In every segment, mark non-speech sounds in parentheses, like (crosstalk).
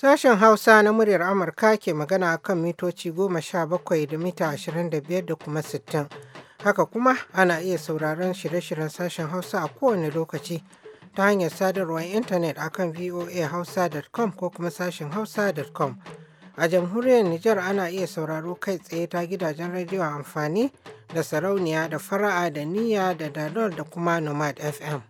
Sashen Hausa na muryar Amurka ke magana kan mitoci goma sha bakwai da mita ashirin da biyar da kuma sittin. Haka kuma ana iya sauraron shirye-shiryen sashen Hausa a kowane lokaci ta hanyar sadarwar intanet akan voahausa.com ko kuma sashen hausa.com. A jamhuriyar Nijar ana iya sauraro kai tsaye ta gidajen rediyo amfani da sarauniya da fara'a da niyya da dalol da kuma nomad FM.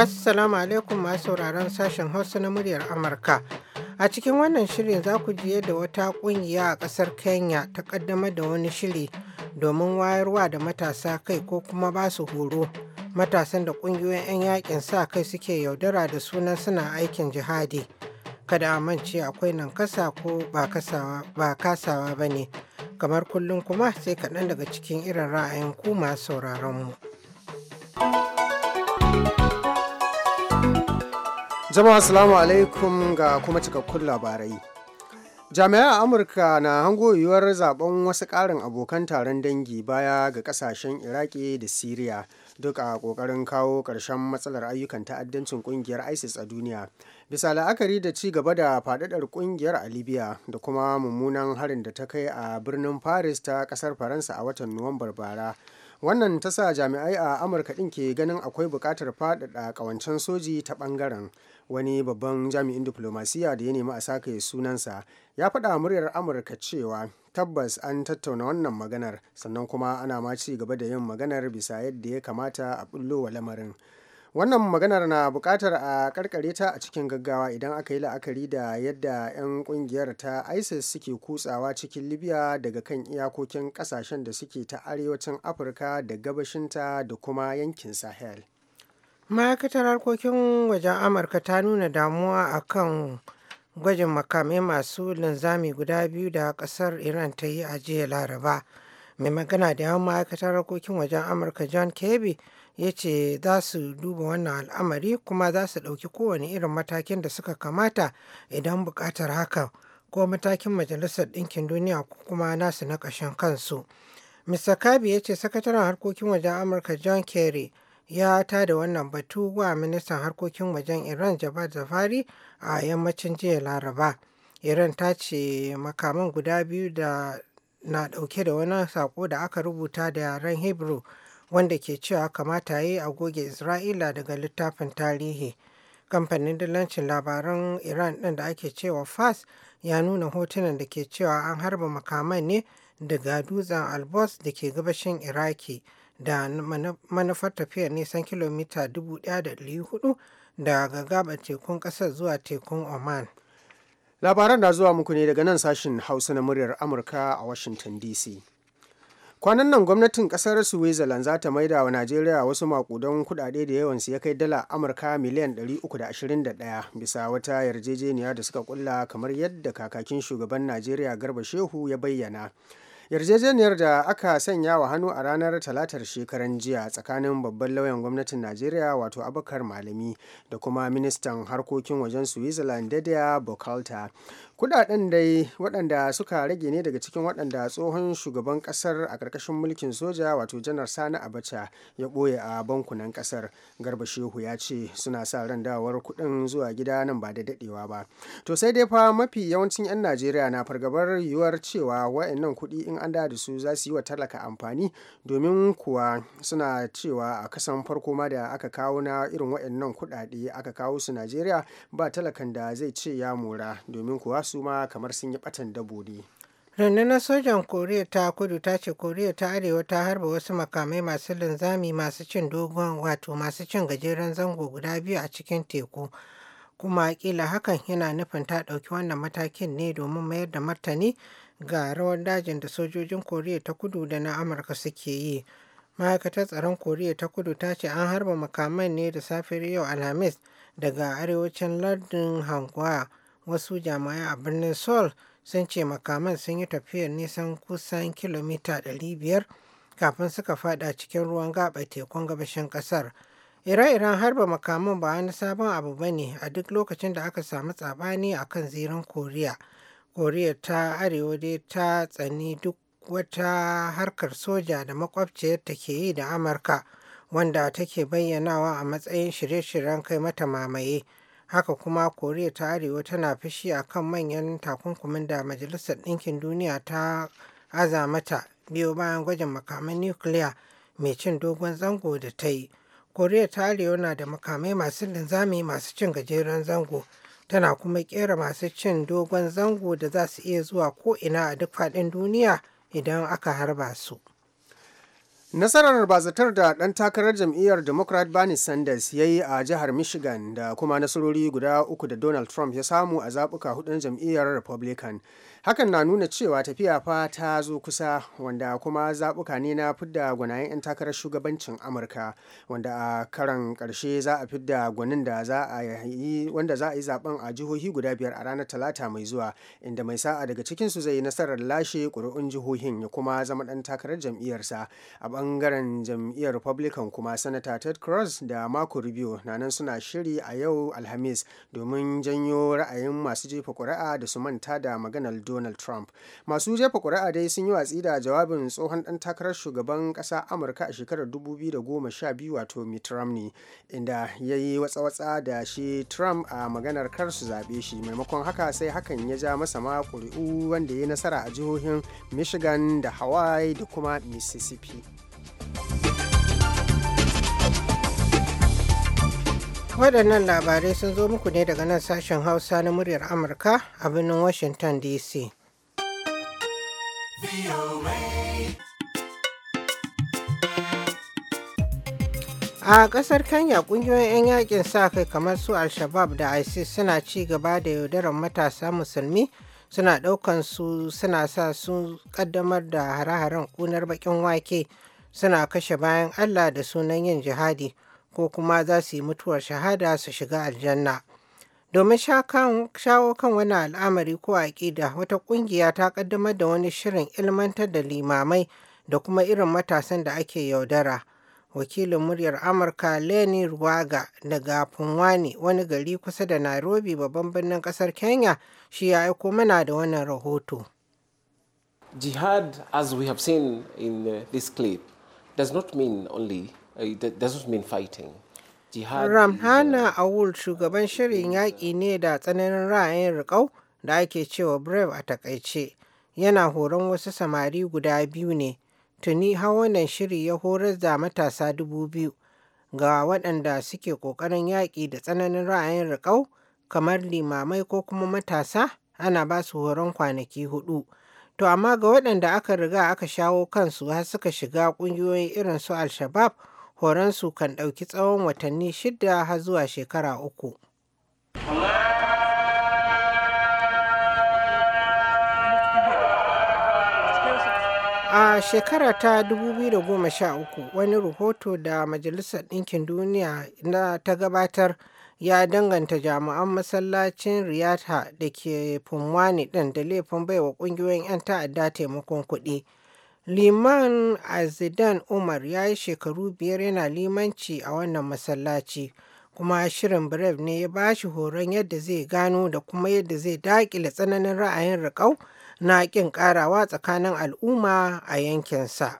Assalamu alaikum masu sauraron sashen Hausa na muryar Amurka. A cikin wannan shirin za ku ji yadda wata ƙungiya a ƙasar Kenya ta ƙaddamar da wani shiri domin wayarwa da matasa kai ko kuma ba su horo. Matasan da ƙungiyoyin 'yan yakin sa kai suke yaudara da sunan suna aikin jihadi. Kada a mance akwai nan kasa ko ba kasawa ba ne. Kamar kullum kuma sai kaɗan daga cikin irin ra'ayin ku masu sauraronmu. mu. jama'a assalamu alaikum ga kuma cikakkun labarai jami'an amurka na hango yiwuwar zaben wasu karin abokan taron dangi baya ga kasashen iraki da syria duk a ƙoƙarin kawo karshen matsalar ayyukan ta'addancin kungiyar isis a duniya bisa la'akari da ci gaba da faɗaɗar kungiyar a libya da kuma mummunan harin da ta kai a birnin paris ta kasar faransa a watan nuwambar bara wannan ta sa jami'ai a amurka ɗin ke ganin akwai bukatar fadada ƙawancen soji ta ɓangaren wani babban jami'in diflomasiya da ya nemi a sake sunansa ya faɗa muryar amurka cewa tabbas an tattauna wannan maganar sannan kuma ana ma ci gaba da yin maganar bisa yadda ya kamata a bullo wa lamarin wannan maganar na buƙatar a ƙarƙare ta a cikin gaggawa idan aka yi la'akari da yadda 'yan ƙungiyar ta isis suke kutsawa cikin libya daga kan iyakokin ƙasashen da suke ta arewacin afirka da gabashinta da kuma yankin sahel ma'aikatar harkokin wajen amurka ta nuna damuwa a kan gwajin makamai masu linzami guda biyu da kasar iran ta yi a jiya laraba mai magana da yawan ma'aikatar harkokin wajen amurka john kirby ya ce za su duba wannan al'amari kuma za su ɗauki kowane irin matakin da suka kamata idan buƙatar haka, ko matakin majalisar ɗinkin duniya ko kuma nasu na ƙashin kansu mr kabi ya ce sakataren harkokin wajen amurka john kerry ya tada wannan batu wa ministan harkokin wajen Iran Javad Zafari a yammacin jiya Laraba. Iran ta ce makaman guda biyu da na dauke da wani sako da aka rubuta da yaren Hebrew wanda ke cewa kamata yi a goge Isra'ila daga littafin tarihi. Kamfanin dillancin labaran Iran ɗin da ake cewa FAS ya nuna hotunan da ke cewa an harba makaman ne daga dutsen Albos da ke gabashin Iraki. da manufar tafiyar nisan kilomita 1,400 daga gabar tekun ƙasar zuwa tekun Oman. Labaran da zuwa muku ne daga nan sashen Hausa na muryar Amurka a Washington DC. kwanan nan gwamnatin kasar switzerland za ta maida wa najeriya wasu makudan kudade da yawansu ya kai dala amurka miliyan 321 bisa wata yarjejeniya da suka kulla kamar yadda kakakin shugaban najeriya garba shehu ya bayyana yarjejeniyar da aka sanya wa hannu a ranar talatar shekaran jiya tsakanin babban lauyan gwamnatin najeriya wato abakar malami da kuma ministan harkokin wajen switzerland dadia bokalta kudaden dai waɗanda suka rage ne daga cikin waɗanda tsohon shugaban ƙasar a ƙarƙashin mulkin soja wato janar sani abacha ya ɓoye a bankunan ƙasar garba shehu ya ce suna sa ran dawar kuɗin zuwa gida nan ba da daɗewa ba to sai dai fa mafi yawancin 'yan najeriya na fargabar yiwuwar cewa wa'annan kuɗi in an da su za su yi wa talaka amfani domin kuwa suna cewa a kasan farko ma da aka kawo na irin wa'annan kuɗaɗe aka kawo su najeriya ba talakan da zai ce ya mora domin kuwa su ma kamar sun yi batan dabo ne rundunar sojan koriya ta kudu ta ce koriya ta arewa ta harba wasu makamai masu linzami masu cin dogon wato masu cin gajeren zango guda biyu a cikin teku kuma kila hakan yana nufin ta ɗauki wannan matakin ne domin mayar da martani ga rawar dajin da sojojin koriya ta kudu da na amurka suke yi ma'aikatar tsaron koriya ta kudu ta ce an harba makamai ne da safiyar yau alhamis daga arewacin lardin hangwa wasu jami'ai a birnin Sol sun ce makaman sun yi tafiyar nisan kusan kilomita 500 kafin suka fada cikin ruwan gaba tekun gabashin kasar ire-iren harba makaman ba wani sabon abu ba ne a duk lokacin da aka samu tsabani a kan zirin koriya koriya ta arewa dai ta tsani duk wata harkar soja da ta ke yi da amurka wanda take bayyanawa a matsayin shirye-shiryen kai mata mamaye Haka kuma Koriya ta Arewa tana fushi a kan manyan takunkumin da Majalisar Ɗinkin Duniya ta aza mata biyo bayan gwajin makaman nukiliya mai cin dogon zango da ta yi. Koriya ta Arewa na da makamai masu linzami masu cin gajeren zango, tana kuma kera masu cin dogon zango da za su iya zuwa ko ina a duk faɗin duniya idan aka harba su. Nasarar bazatar da ɗan takarar jam'iyyar Democrat Bernie Sanders ya yi a jihar Michigan da kuma nasarori guda uku da Donald Trump ya samu a zaɓuka hudun jam'iyyar Republican hakan na nuna cewa tafiya fa ta zo kusa wanda kuma zaɓuka ne na fidda gwanayen 'yan takarar shugabancin amurka wanda a karan karshe za a fidda gwanin da za a yi wanda za a yi zaben a jihohi guda biyar a ranar talata mai zuwa inda mai sa'a daga cikinsu zai yi nasarar lashe ƙuri'un jihohin ya kuma zama ɗan takarar jam'iyyarsa a ɓangaren jam'iyyar republican kuma sanata ted cross da marco rubio na nan suna shiri a yau alhamis domin janyo ra'ayin masu jefa ƙuri'a da su manta da maganar donald trump masu jefa ƙuri'a dai sun yi watsi da jawabin tsohon ɗan takarar shugaban ƙasa amurka a shekarar 2012 wato mitt romney inda ya yi watsa-watsa da shi trump a maganar kar su zaɓe shi maimakon haka sai hakan ya ja masa ma ƙuri'u wanda ya yi nasara a jihohin michigan da hawaii da kuma mississippi waɗannan labarai sun zo muku ne daga nan sashen hausa na muryar amurka a birnin washington dc a ƙasar kenya ƙungiyoyin 'yan yakin sa kai kamar su al-shabab da isis suna ci gaba da yaudarar matasa musulmi suna ɗaukan su suna sa su ƙaddamar da hare-haren ƙunar baƙin wake suna kashe bayan allah da sunan yin jihadi. ko kuma za su yi mutuwar shahada su shiga aljanna. Domin shawo kan wani al'amari ko aƙida wata ƙungiya ta ƙaddamar da wani shirin ilmantar da limamai da kuma irin matasan da ake yaudara. Wakilin muryar Amurka Leni Ruwaga daga Funwani wani gari kusa da Nairobi babban birnin ƙasar Kenya shi ya aiko mana da wannan rahoto. Jihad as we have seen in uh, this clip does not mean only Eh, that Ramhana uh, Awul shugaban shirin yaƙi ne da tsananin ra'ayin riƙau da ake cewa Brave a takaice. Yana horon wasu samari guda biyu ne. Tuni hawanan shiri ya horar da matasa dubu biyu ga waɗanda suke ƙoƙarin yaƙi da tsananin ra'ayin riƙau kamar limamai ko kuma matasa ana ba su horon kwanaki hudu. To amma ga waɗanda aka riga aka shawo kansu har suka shiga ƙungiyoyin irin su alshabab. horonsu kan ɗauki tsawon watanni shida har zuwa shekara uku. A shekara ta 2013 wani rahoto da Majalisar Ɗinkin Duniya na ta gabatar ya danganta jami'an masallacin Riyata da ke Fumwani ɗin da laifin baiwa ƙungiyoyin 'yan ta'adda taimakon kuɗi. Liman Azidan Umar ya yi shekaru biyar yana limanci a wannan masallaci, kuma shirin brev ne ya ba shi horon yadda zai gano da kuma yadda zai daƙile tsananin ra'ayin riƙau na ƙin ƙarawa tsakanin al'umma a yankinsa.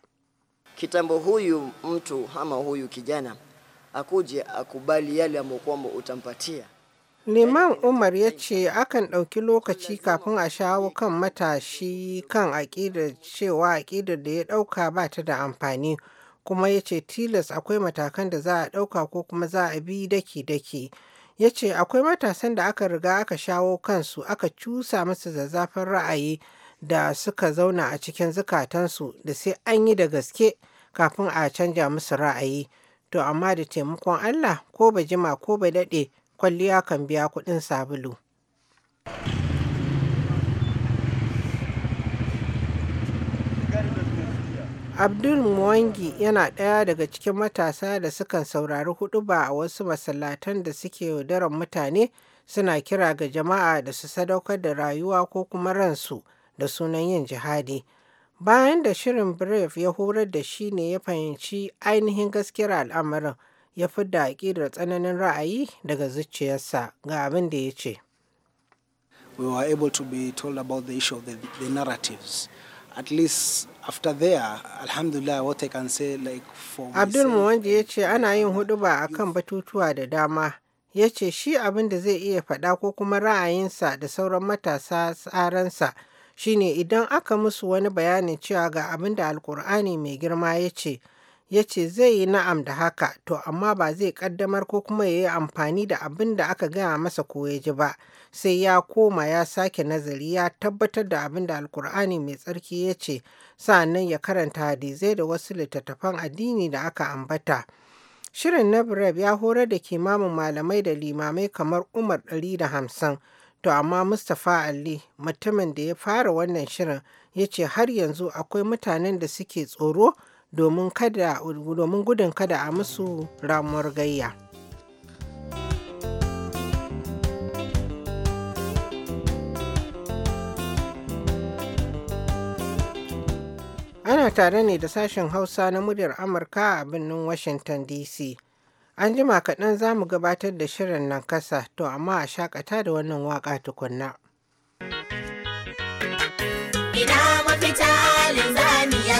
Kitambo huyu mtu ama huyu kijana akuje akubali yale ambayo kwamba utampatia Liman Umar ya ce akan ɗauki lokaci kafin a shawo kan matashi kan aƙidar cewa aƙidar da ya ɗauka ba ta da amfani kuma ya ce tilas akwai matakan da za a ɗauka ko kuma za a bi daki-daki. Ya ce akwai matasan da aka riga aka shawo kansu aka cusa musu zazzafin ra'ayi da suka zauna a cikin zukatansu da sai an yi da gaske kafin a canja musu ra'ayi. To amma da taimakon Allah ko ba jima ko ba daɗe Kwalliya kan biya kuɗin sabulu. Abdul Mwangi yana ɗaya daga cikin matasa da sukan saurari huɗuba a wasu masallatan da suke yaudarar mutane suna kira ga jama'a da su sadaukar da rayuwa ko kuma ransu da sunan yin jihadi. Bayan da shirin Brave ya horar da shi ne ya fahimci ainihin gaskiyar al'amarin. ya fidda aƙidar tsananin ra'ayi daga zuciyarsa ga abin da ya ce. We were able to be told about the issue of the, the narratives. At least after there, alhamdulillah what I can say like for Abdul Muwanji ya ce ana yin huduba kan batutuwa da dama. Ya ce shi abin da zai iya faɗa ko kuma ra'ayinsa da sauran matasa tsaransa shine idan aka musu wani bayanin cewa ga abin da Alkur'ani mai girma ya ce, ya ce zai yi na'am da haka to amma ba zai kaddamar ko kuma ya yi amfani da abin da aka gaya masa ko ya ji ba sai ya koma ya sake nazari ya tabbatar da abin da alkur'ani mai tsarki ya ce sa'annan ya karanta hadizai da wasu littattafan addini da aka ambata shirin nabrab ya horar da kimamin malamai da limamai kamar umar ɗari da hamsin, to amma mustapha ali mutumin da ya fara wannan shirin ya ce har yanzu akwai mutanen da suke tsoro domin gudun kada a musu ramuwar gayya. Ana tare ne da sashen Hausa na muryar Amurka a birnin Washington DC. An jima kaɗan za mu gabatar da shirin nan kasa, to amma a shakata da wannan waƙa tukunna. Ina mafita linzamiya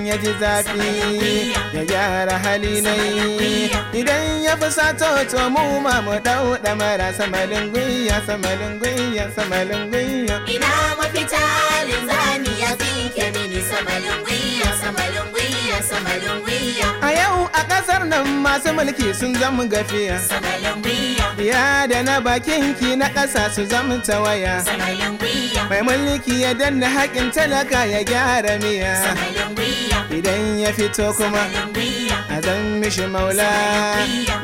ya ji zafi ya gyara hali yi idan ya fusato to mu ma mu dauɗa mara samalin gwiya samalin gwiya samalin gwiya ina mafita linzami ya fi kemini samalin gwiya samalin gwiya A yau a ƙasar nan masu mulki sun zama gafiya. Ya da na bakin ki na ƙasa su zama tawaya. Mai mulki ya danna haƙin talaka ya gyara miya. Idan ya fito kuma a zan mishi maula.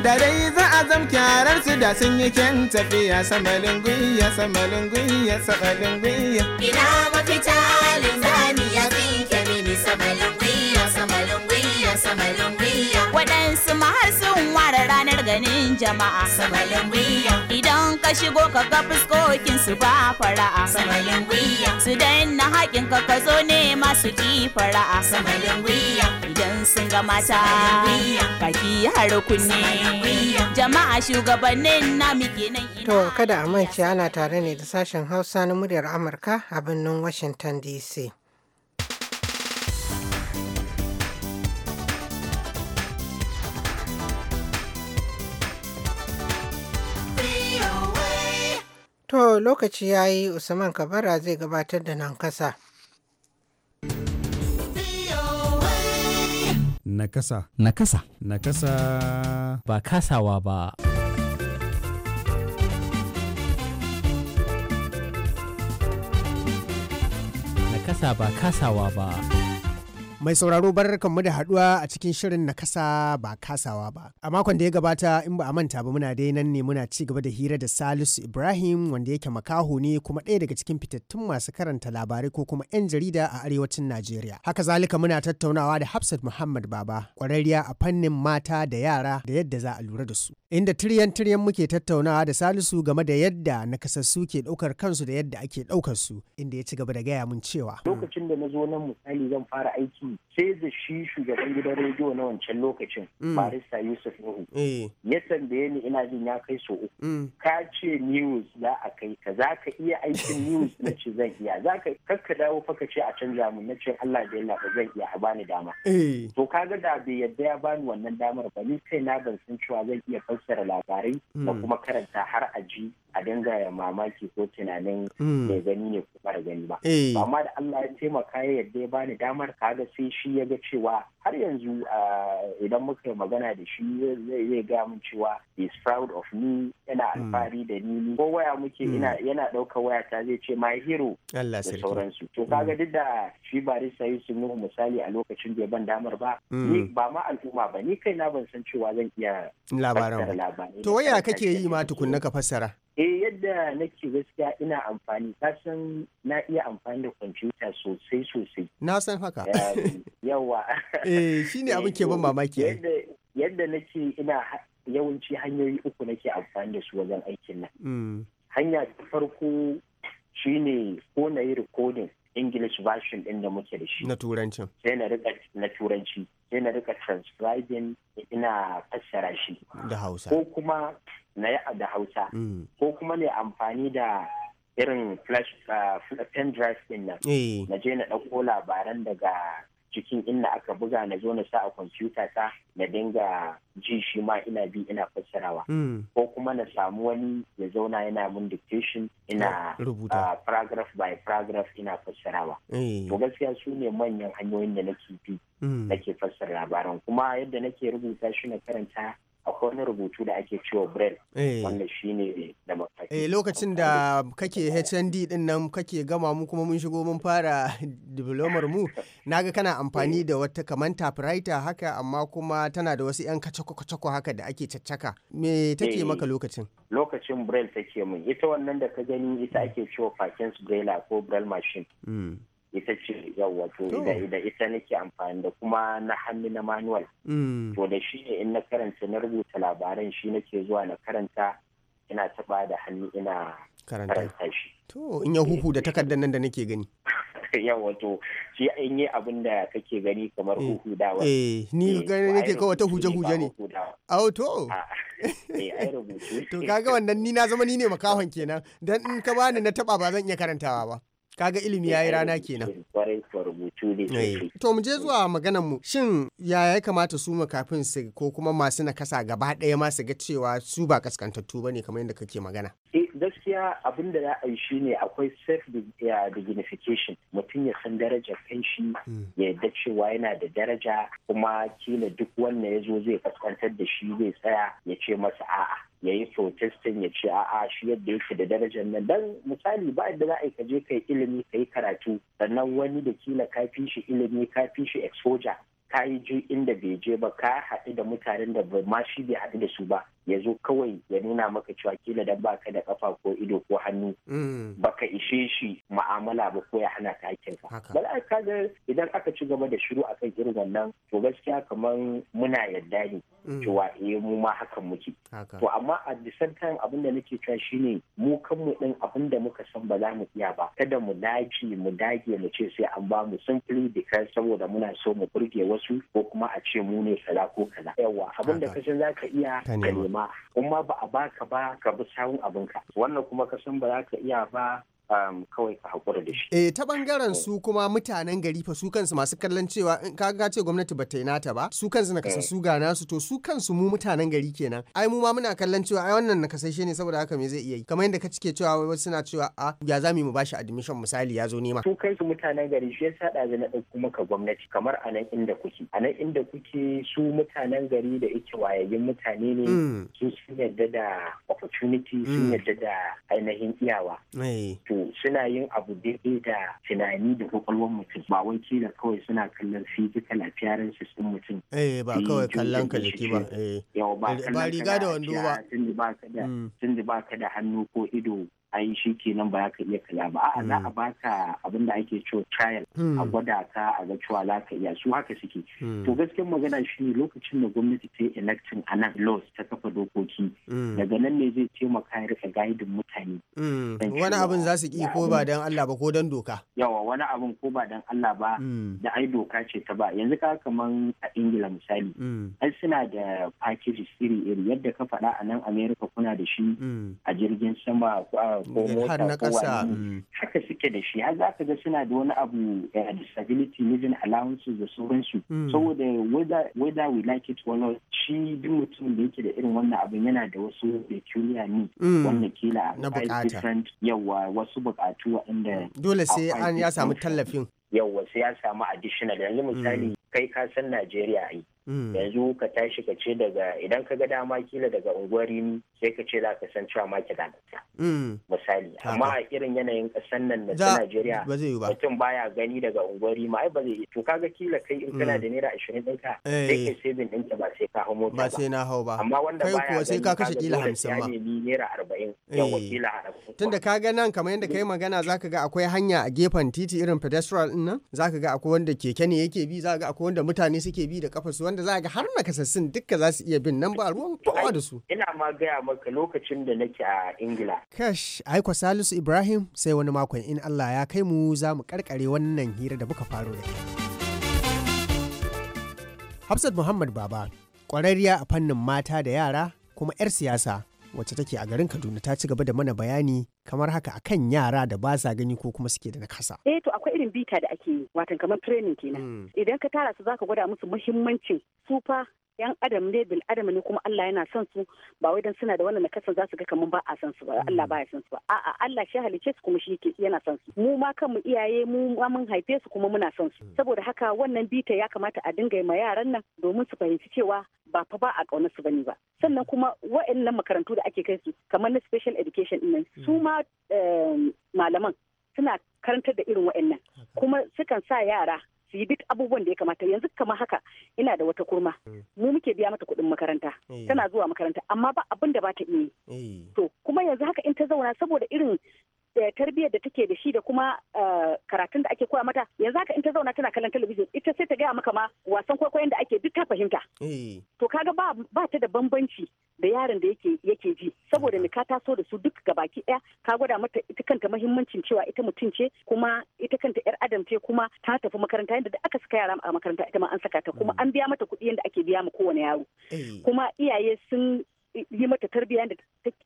Da dai za a zam kyarar su da sun yi kyan tafiya. Samalin gwiya, samalin gwiya, samalin gwiya. Ina mafita linzami ya zinke mini samalin ganin jama'a samalin wiya idan ka shigo ka ga fuskokin su ba fara'a samalin wiya su daina haƙin ka ka zo ne masu ki fara'a samalin wiya idan sun ga mata baki har kunne jama'a shugabannin na muke nan to kada a mance ana tare ne da sashen hausa na muryar amurka a birnin washington dc lokaci ya yi Usman Kabara zai gabatar da nan kasa. Nakasa. Nakasa. Nakasa. Ba kasawa ba. Nakasa ba kasawa ba. Mai sauraro bar mu da haduwa a cikin shirin na kasa ba kasawa ba. A makon da ya gabata in ba a manta ba muna dai nan ne muna ci gaba da hira da Salisu Ibrahim wanda yake makaho ne kuma ɗaya daga cikin fitattun masu karanta labarai ko kuma 'yan jarida a arewacin Najeriya. Haka zalika muna tattaunawa da Hafsat Muhammad Baba, ƙwararriya a fannin mata da yara da yadda za a lura da su. inda tiryan-tiryan muke tattaunawa da Salisu game da yadda nakasassu ke ɗaukar kansu da yadda ake ɗaukar su inda ya ci gaba da gaya mun cewa. Lokacin da na zo nan misali zan fara aiki sai da shi shugaban gidan rediyo na wancan lokacin mm. Barista Yusuf Nuhu. Eh. Ya tambaye ni ina jin ya kai so uku. Mm. Ka ce news za a kai ka za ka iya aikin news na ce zan iya za ka kakka dawo fa ka ce a canza mun na ce Allah da yalla ba zan iya a bani dama. Eh. To kaga da bai yadda ya bani wannan damar ba ni na ban san cewa zan iya fassara labarai mm. da kuma karanta har a ji a dinga mamaki ko tunanin mm. mai gani ne ko mara gani ba eh. amma da Allah ya taimaka ya yadda ya bani damar kaga sai shi ya ga cewa har yanzu ah, idan muka yi magana da shi zai ga mun cewa is proud of me yana mm. alfahari da ni ko waya muke yana ɗaukar waya ta zai ce my hero da sauransu to kaga duk da shi barista Yusuf Nuhu misali a lokacin bai ban damar ba ni ba ma al'umma ba ni kaina ban san cewa zan iya labaran fassara labarai. To waya kake yi ma tukunna ka fassara? Eh yadda nake gaskiya ina amfani kasan na iya amfani da kwamfuta sosai sosai. Na san haka. Yawa. (laughs) Eh shine abin ke eh, ban mamaki. Eh. Yadda nake ina yawanci hanyoyi uku nake amfani da su wajen aikin nan. Mm. Hanya ta farko shine ko na yi recording English version ɗin da muke da shi. Na turanci. Sai na rika na turanci. Sai na rika transcribing ina fassara shi. Da Hausa. Ko kuma na yi da Hausa. Mm. Ko kuma ne amfani da irin flash ah, pen drive ɗin nan. Eh. Na je na ɗauko labaran daga cikin inda aka buga na zo na sa a kwamfuta ta na dinga ji shi ma ina bi ina fassarawa hmm. ko kuma na samu wani ya zauna yana mun dictation ina ah, paragraph by paragraph ina fassarawa eh. to gaskiya su ne manyan hanyoyin da nake bi hmm. nake fassara labaran kuma yadda nake rubuta shi na karanta akwai wani rubutu da ake cewa braille eh. wanda shine da eh lokacin da kake HND din nan kake gama mu kuma mun shigo mun fara (laughs) diplomar mu naga kana amfani da wata kaman typewriter haka amma kuma tana da wasu yan kacako-kacako haka da ake caccaka me take maka eh, lokacin lokacin braille take mun ita wannan da ka gani ita ake cewa Parkins braille ko braille machine mm. ita ce yawwa to da ita nake amfani da kuma na hannu na manual mm. to da shi ne in na karanta na rubuta labaran shi nake zuwa na karanta ina taba da hannu ina karanta shi to in ya huhu da takardar nan da nake gani (laughs) yan wato shi in yi abin da kake gani kamar eh, huhu dawa eh ni eh, gani nake kawai ta huje huje ne au to (laughs) ah, eh, (laughs) to kaga wannan ni na zama ni ne makahon kenan dan in ka bani na taba ba zan iya karantawa ba kaga ilimi eh, ya yi rana eh, kenan eh. to mu je zuwa maganar mu shin ya ya kamata su kafin su ko kuma masu nakasa gaba ɗaya ma su ga cewa su ba kaskantattu bane kamar yadda kake magana gaskiya abin da za a yi shine akwai self dignification mutum ya san darajar kanshi hmm. ya yadda cewa yana da daraja kuma kila duk wanda ya zo zai kaskantar da shi zai tsaya ya ce masa a'a ya yi protestin ya ce a'a shi yadda yake da darajar nan dan misali ba yadda za a ka je kai ilimi kai karatu sannan wani da kila ka fi shi ilimi ka fi shi exposure ka yi ji inda bai je ba ka haɗu da mutanen da ba ma shi bai haɗu da su ba ya zo kawai ya nuna maka cewa kila dan baka da kafa ko ido ko hannu mm. baka ishe shi ma'amala ba ko ya hana ka hakkin ka ga idan aka ci gaba da shiru akan irin wannan to gaskiya kamar muna yarda ne mm. cewa eh mu ma hakan muke to amma a disan abin da nake cewa shine mu kanmu din abin da muka san ba za mu iya ba kada mu dage mu dage mu ce sai an ba mu simply because saboda muna so mu burge wasu wasu ko kuma a ce mu ne kaza ko kaza yawa abin da kashin za ka iya ka nema kuma ba a baka ba ka bi sawun abinka wannan kuma kasan ba za ka iya ba Um, kawai a haƙura da shi. Eh ta bangaren su kuma mutanen gari fa su kansu masu kallon cewa in ka ga ce gwamnati ba ta yi nata ba su kansu na kasa eh. su ga nasu to su kansu mu mutanen gari kenan. Ai mu ma muna kallon cewa ai wannan shi ne saboda haka me zai iya yi kamar yadda ka cike cewa wasu suna cewa a ya za mu bashi admission misali ya zo nema. Su kansu mutanen gari shi yasa da na kuma ka gwamnati kamar a nan inda kuke. A nan inda kuke su mutanen gari da ike wayayyun mutane ne hmm. su sun yarda da opportunity sun hmm. yarda da ainihin iyawa. Eh. suna yin abu daidai da tunani da kwakwalwar mutum ba wai kila kawai suna kallon physical appearance sun mutum eh ba kawai kallon ka jiki ba eh ba riga da wando ba mm. da ba ka da hannu ko ido ayi shi kenan ba ka iya kalaba. ba a'a za a hmm. baka abin da ake cewa trial a hmm. gwada ka a ga cewa za ka iya su haka suke hmm. to gaskiyar magana shi ne lokacin da gwamnati ta yi electing a nan laws ta kafa dokoki daga nan ne zai taimaka ya rika gaidin mutane wani abin za su ki ko ba dan Allah ba ko dan doka yawa wani abin ko ba dan Allah ba da ai doka ce ta ba yanzu ka kaman a Ingila misali ai suna da package iri iri yadda ka faɗa a nan America kuna da shi a jirgin sama ko ko mota ko wani mm. haka suke da shi har za ka ga suna da wani abu eh, disability living allowances da sauransu mm. saboda whether we like it or shi duk mutum da yake da irin wannan abin yana da wasu peculiar needs mm. wanda kila na bukata yawa wasu bukatu inda. dole sai an ya samu tallafin yawa sai ya samu additional yanzu misali kai ka san Najeriya ai Mm. yanzu ka tashi ka ce daga idan ka ga dama kila daga unguwar ni sai ka ce za ka san cewa maki da mm. misali amma a irin yanayin kasan nan na Najeriya mutum baya gani daga unguwar ma ai ba zai to kaga kila kai in kana mm. da naira ashirin ɗinka eh. sai kai saving ɗinka ba sai ka hau ba sai na hau ba amma wanda baya kuwa sai ka kashe kila 50 ma naira arba'in yawa eh. kila 40 tunda kaga nan kamar yadda kai magana zaka ga akwai hanya a gefen titi irin pedestrian nan zaka ga akwai wanda keke ne yake bi zaka ga akwai wanda mutane suke bi da kafa su da za a ga har nakasassun duka za su iya bin nan ba ruwan kowa da su. Ina ma gaya maka lokacin da nake a Ingila. Kash, aiko Salisu Ibrahim sai wani makon in Allah ya kai mu za mu karkare wannan hira da muka faro da Hafsat Muhammad Baba, ƙwararriya a fannin mata da yara kuma 'yar siyasa wacce take a garin Kaduna ta ci gaba da mana bayani kamar haka akan yara da ba sa gani ko kuma suke da nakasa. Eh to akwai irin bita da ake yi watan kamar training kenan. Hmm. Idan ka tara su zaka gwada musu muhimmancin su fa yan adam ne bil adam ne kuma Allah yana son su ba wai dan suna da wannan nakasa za su ga kaman ba a san su ba mm. Allah ba ya su ba a'a Allah shi halice su kuma shi yake yana son su mu ma kanmu iyaye mu ma mun haife su kuma muna son su mm. saboda haka wannan bita ya kamata a dinga ma yaran nan domin su fahimci cewa ba fa ba a kaunar su bane ba sannan kuma wa'annan makarantu da ake kai su kamar na special education din mm. su ma eh, malaman suna karantar da irin wa'annan kuma sukan sa yara su yi duk abubuwan da ya kamata yanzu kamar haka ina da wata kurma mm. mu muke biya mata kuɗin makaranta mm. tana zuwa makaranta amma ba abin da ba ta iya mm. to kuma yanzu haka in ta zauna saboda irin tarbiyyar da take da shi da kuma eh, karatun da ake koya mata yanzu haka in ta zauna tana kallon talabijin ita sai ta gaya maka ma wasan kwaikwayon da ake duk ta fahimta eh. to kaga ba ba ta da bambanci da yaron da yake yake ji saboda ni ka taso da su duk gabaki daya ka gwada mata ita kanta muhimmancin cewa ita mutum ce kuma ita kanta yar adam ce kuma ta tafi makaranta yadda da aka saka yara a makaranta ita ma an saka ta kuma mm. an biya mata kuɗi yadda ake biya ma kowane yaro eh. kuma iyaye sun yi mata tarbiya da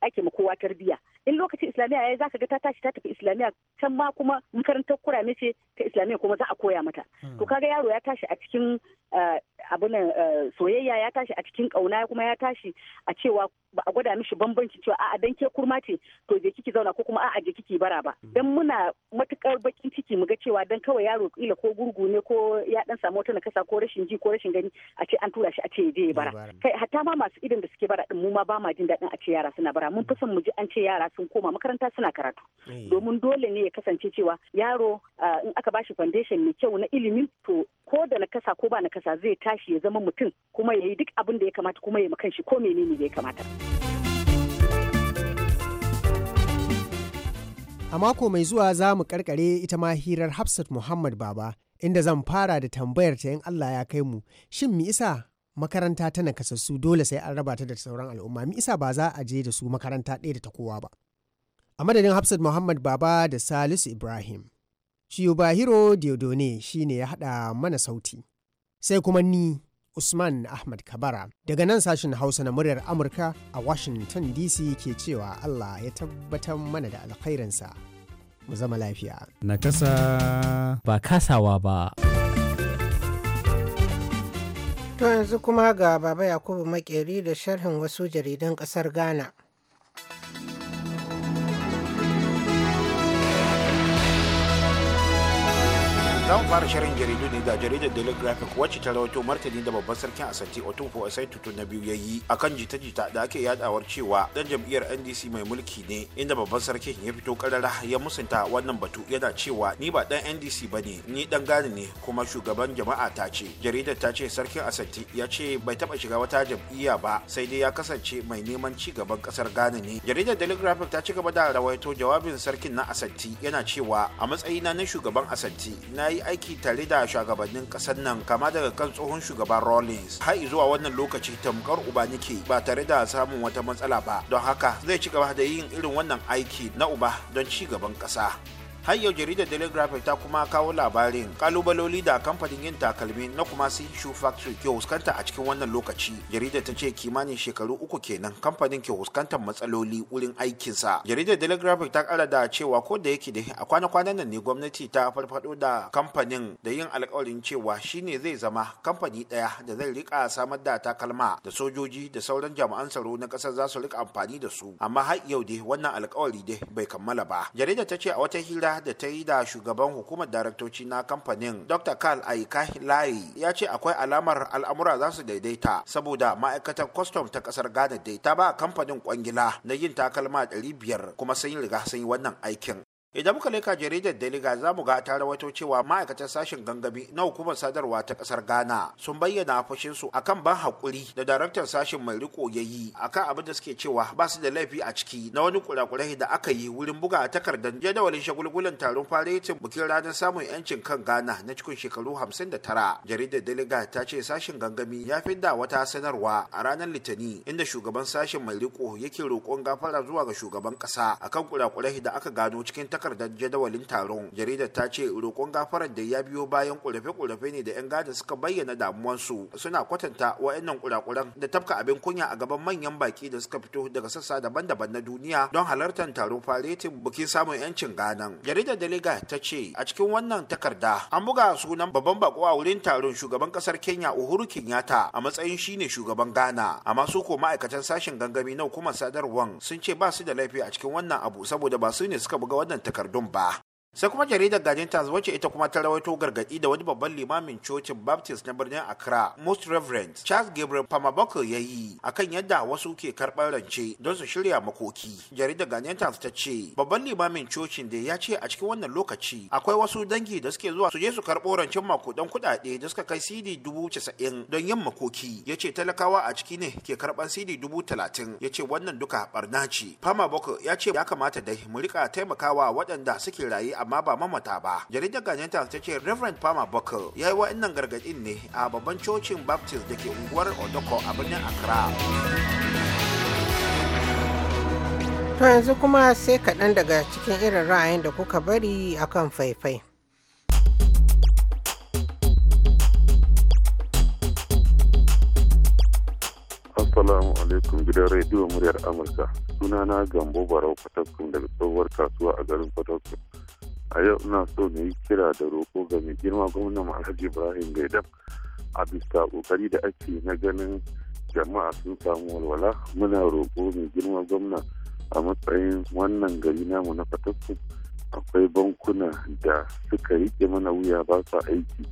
ake ma kowa tarbiya in lokacin islamiyya yayi ka ga ta tashi ta tafi islamiyya can ma kuma makarantar kurame ce ta islamiyya kuma za a koya mata hmm. to kaga yaro ya tashi a cikin eh, abin eh, soyayya ya tashi a cikin kauna kuma ya tashi a cewa ba a gwada mishi bambanci cewa a'a dan ke kurma ce to je kiki zauna ko kuma a'a je kiki bara ba hmm. dan muna matukar bakin ciki mu ga cewa dan kawai yaro kila ko gurgu ne ko ya dan samu wata nakasa ko rashin ji ko rashin gani a ce an tura shi a ce je bara kai hatta ma masu idan da suke bara din mu ma ba ma jin daɗin a ce yara suna bara mun fi son mu ji an ce yara sun koma makaranta suna karatu eh. domin dole ne ya kasance cewa yaro ah, in aka ba shi foundation mai kyau na ilimi to ko da na kasa ko ba na kasa zai tashi ya zama mutum kuma ya yi duk abin da ya kamata kuma ya makan shi ko menene ya kamata. A mako mai zuwa za mu karkare ita ma hirar Hafsat Muhammad Baba inda zan fara da tambayar ta in Allah ya kai mu shin mi isa makaranta ta nakasassu dole sai an raba ta da sauran al'umma mi isa ba za a je da su makaranta ɗaya da ta kowa ba a madadin hafsat muhammad baba da salisu ibrahim shiyubahiro diodone shine ya haɗa mana sauti sai kuma ni usman ahmad kabara daga nan sashen hausa na muryar amurka a washington dc ke cewa allah ya tabbatar mana da alkhairinsa mu zama lafiya nakasa ba kasawa ba To yanzu kuma ga Baba Yakubu Makeri da sharhin wasu jaridan ƙasar Ghana. za mu fara shirin jaridu ne da jaridar daily graphic wacce ta rawaito martani da babban sarkin asante otunfo asai tutu na biyu ya yi akan jita-jita da ake yadawar cewa dan jam'iyyar ndc mai mulki ne inda babban sarkin ya fito karara ya musanta wannan batu yana cewa ni ba dan ndc ba ne ni dan gani ne kuma shugaban jama'a ta ce jaridar ta ce sarkin asante ya ce bai taba shiga wata jam'iyya ba sai dai ya kasance mai neman ci gaban kasar ghana ne jaridar daily graphic ta ci gaba da rawaito jawabin sarkin na asante yana cewa a matsayina na shugaban asante na yi aiki tare da shugabannin kasar nan kama daga kan tsohon shugaban Rawlings har zuwa wannan lokaci tamkar uba nike ba tare da samun wata matsala ba don haka zai ci gaba da yin irin wannan aiki na uba don ci gaban ƙasa. har yau jaridar telegraph ta kuma kawo labarin kalubaloli da kamfanin yin takalmi na kuma shoe factory ke huskanta a cikin wannan lokaci jarida ta ce kimanin shekaru uku kenan kamfanin ke huskantar matsaloli wurin aikinsa jaridar telegraph ta kara da cewa ko da yake da a kwana-kwanan nan ne gwamnati ta farfado da kamfanin da yin alkawarin cewa shine zai zama kamfani ɗaya da zai rika samar da takalma da sojoji da sauran jami'an tsaro na kasar za su rika amfani da su amma har yau dai wannan alkawari dai bai kammala ba jaridar ta ce a wata hira da ta yi da shugaban hukumar daraktoci na kamfanin dr karl aika layi ya ce akwai alamar al'amura za su daidaita saboda ma'aikatar kwastom ta kasar ghana dai ta ba kamfanin kwangila na yin takalma 500 kuma sun riga sun yi wannan aikin idan muka leka jaridar deliga za mu ga ta rawaito cewa ma'aikatan sashen gangami na hukumar sadarwa ta kasar ghana sun bayyana su akan ban hakuri da daraktan sashen mai riko ya yi akan abin da suke cewa ba su da laifi a ciki na wani kurakurai da aka yi wurin buga a takardar jadawalin shagulgulan taron faretin bikin ranar samun yancin kan ghana na cikin shekaru 59 jaridar deliga ta ce sashen gangami ya da wata sanarwa a ranar litani inda shugaban sashen mai riko yake roƙon gafara zuwa ga shugaban ƙasa akan kurakurai da aka gano cikin takardar takardar jadawalin taron jaridar ta ce roƙon gafarar da ya biyo bayan ƙorafe-ƙorafe ne da 'yan gada suka bayyana damuwansu suna kwatanta wa'annan kurakuran da tafka abin kunya a gaban manyan baki da suka fito daga sassa daban-daban na duniya don halartar taron faretin bukin samun 'yancin ganan jaridar daliga ta ce a cikin wannan takarda an buga sunan babban bako a wurin taron shugaban kasar kenya uhuru kenyatta a matsayin shine shugaban gana amma su ko ma'aikatan sashen gangami na hukumar sadarwar sun ce ba su da laifi a cikin wannan abu saboda ba su ne suka buga wannan takardun sai kuma jaridar Guardian Times wacce ita kuma ta rawaito gargadi da wani babban limamin cocin Baptist na birnin Accra, Most Reverend Charles Gabriel Pamaboko ya yi akan yadda wasu ke karɓar rance don su shirya makoki. Jaridar Guardian ta ta ce babban limamin cocin da ya ce a cikin wannan lokaci akwai wasu dangi da suke zuwa su je su karɓo rancen mako makudan kuɗaɗe da suka kai CD dubu casa'in don yin makoki. Ya ce talakawa a ciki ne ke karɓar CD dubu talatin. Ya ce wannan duka barna ce. ya ce ya kamata dai mu riƙa taimakawa waɗanda suke raye amma ba mamata ba jaridar ganyen ta ce reverend palmer buckle ya yi wa'annan gargaɗin ne a babban cocin baptist da ke unguwar odoko a birnin accra to yanzu kuma sai kaɗan daga cikin irin ra'ayin da kuka bari akan faifai Assalamu alaikum gidan rediyo muryar Amurka. Sunana Gambo Barau Fataskun daga tsohuwar kasuwa a garin Fataskun. a yau ina so na yi kira da roƙo ga mai girma gwamnan alhaji ibrahim gaidam a bisa ƙoƙari da ake na ganin jama'a sun samu walwala muna roƙo mai girma gwamna a matsayin wannan gari namu na fatakku akwai bankuna da suka rike mana wuya ba sa aiki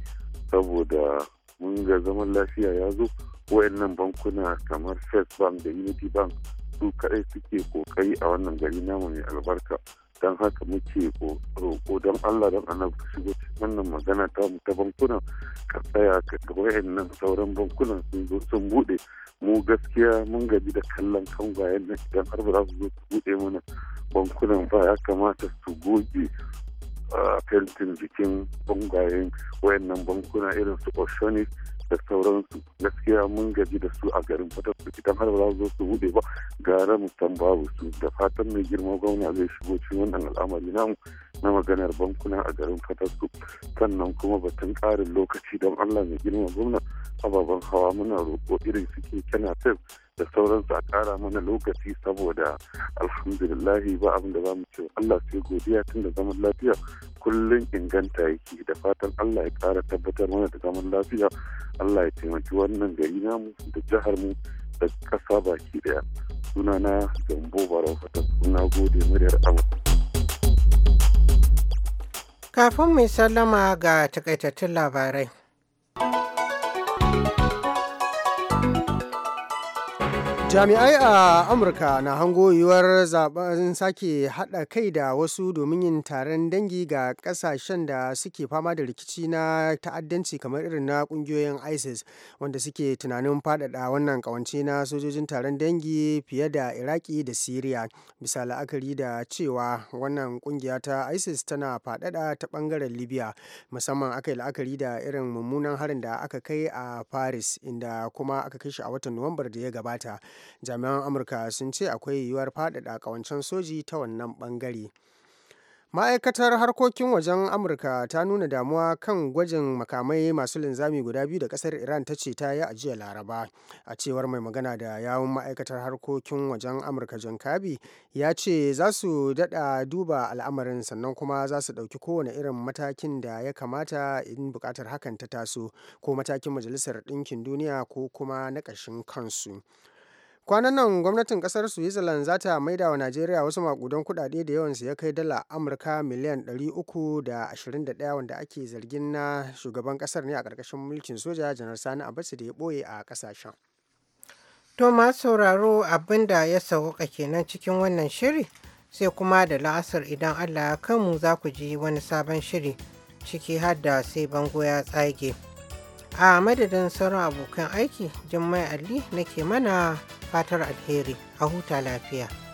saboda mun ga zaman lafiya ya zo wayannan bankuna kamar first bank da unity bank su kaɗai suke kokari a wannan gari namu mai albarka don haka muke roƙo don allah don annabi ka shigo wannan magana ta mu ta bankunan ka tsaya ka ga wayannan sauran bankunan sun zo sun bude mu gaskiya mun gaji da kallon bayan na idan har ba za su zo su bude mana bankunan ba ya kamata su goge a ah, fentin jikin bangayen wayannan bankuna irin su oceanic da sauransu gaskiya mun gaji da su a garin fatar su idan har ba za su zo su bude ba gara mu babu su da fatan mai girma gwamna zai shigo cikin wannan al'amari namu na maganar bankuna a garin fatar su sannan kuma batun karin lokaci don allah mai girma gwamna ababen hawa muna roƙo irin su keke na da sauransu a ƙara mana lokaci saboda alhamdulillahi ba abin da za mu ce Allah sai godiya tun da zaman lafiya kullum inganta yake da fatan Allah ya ƙara tabbatar mana da zaman lafiya Allah ya taimaki wannan gari namu da jihar mu da ƙasa baki ɗaya sunana Jambo Barau Fatas suna gode muryar Amurka. Kafin mai sallama ga takaitattun labarai. jami'ai a amurka na hango yiwuwar zaben sake hada kai da wasu domin yin taron dangi ga kasashen da suke fama da rikici na ta'addanci kamar irin na kungiyoyin isis wanda suke tunanin fadada wannan kawance na sojojin taron dangi fiye da iraki da syria bisa la'akari da cewa wannan kungiya ta isis tana fadada ta bangaren libya musamman aka yi la'akari da irin mummunan harin da aka kai a paris inda kuma aka kai shi a watan nuwambar da ya gabata jami'an amurka sun ce akwai yiwuwar faɗaɗa ƙawancen soji ta wannan bangare. ma'aikatar harkokin wajen amurka ta nuna damuwa kan gwajin makamai masu linzami guda biyu da kasar iran ta ce ta yi ajiya laraba a cewar mai magana da yawun ma'aikatar harkokin wajen amurka john kabi ya ce za su dada duba al'amarin sannan kuma za su dauki kowane irin matakin da ya kamata in bukatar hakan ta taso ko matakin majalisar ɗinkin duniya ko kuma na kansu Kwanan nan gwamnatin kasar Switzerland za ta maida wa Najeriya wasu makudan kudade da yawansu ya kai dala Amurka miliyan 321 wanda ake zargin na shugaban kasar ne a ƙarƙashin mulkin soja janar Sani basu da ya ɓoye a ƙasashen. To ma sauraro abin da ya sauka kenan cikin wannan shiri sai kuma da la'asar idan Allah ya kanmu za ku ji wani sabon shiri ciki har sai bango ya tsage. a madadin sauran abokan aiki jummai ali nake mana fatar alheri a huta lafiya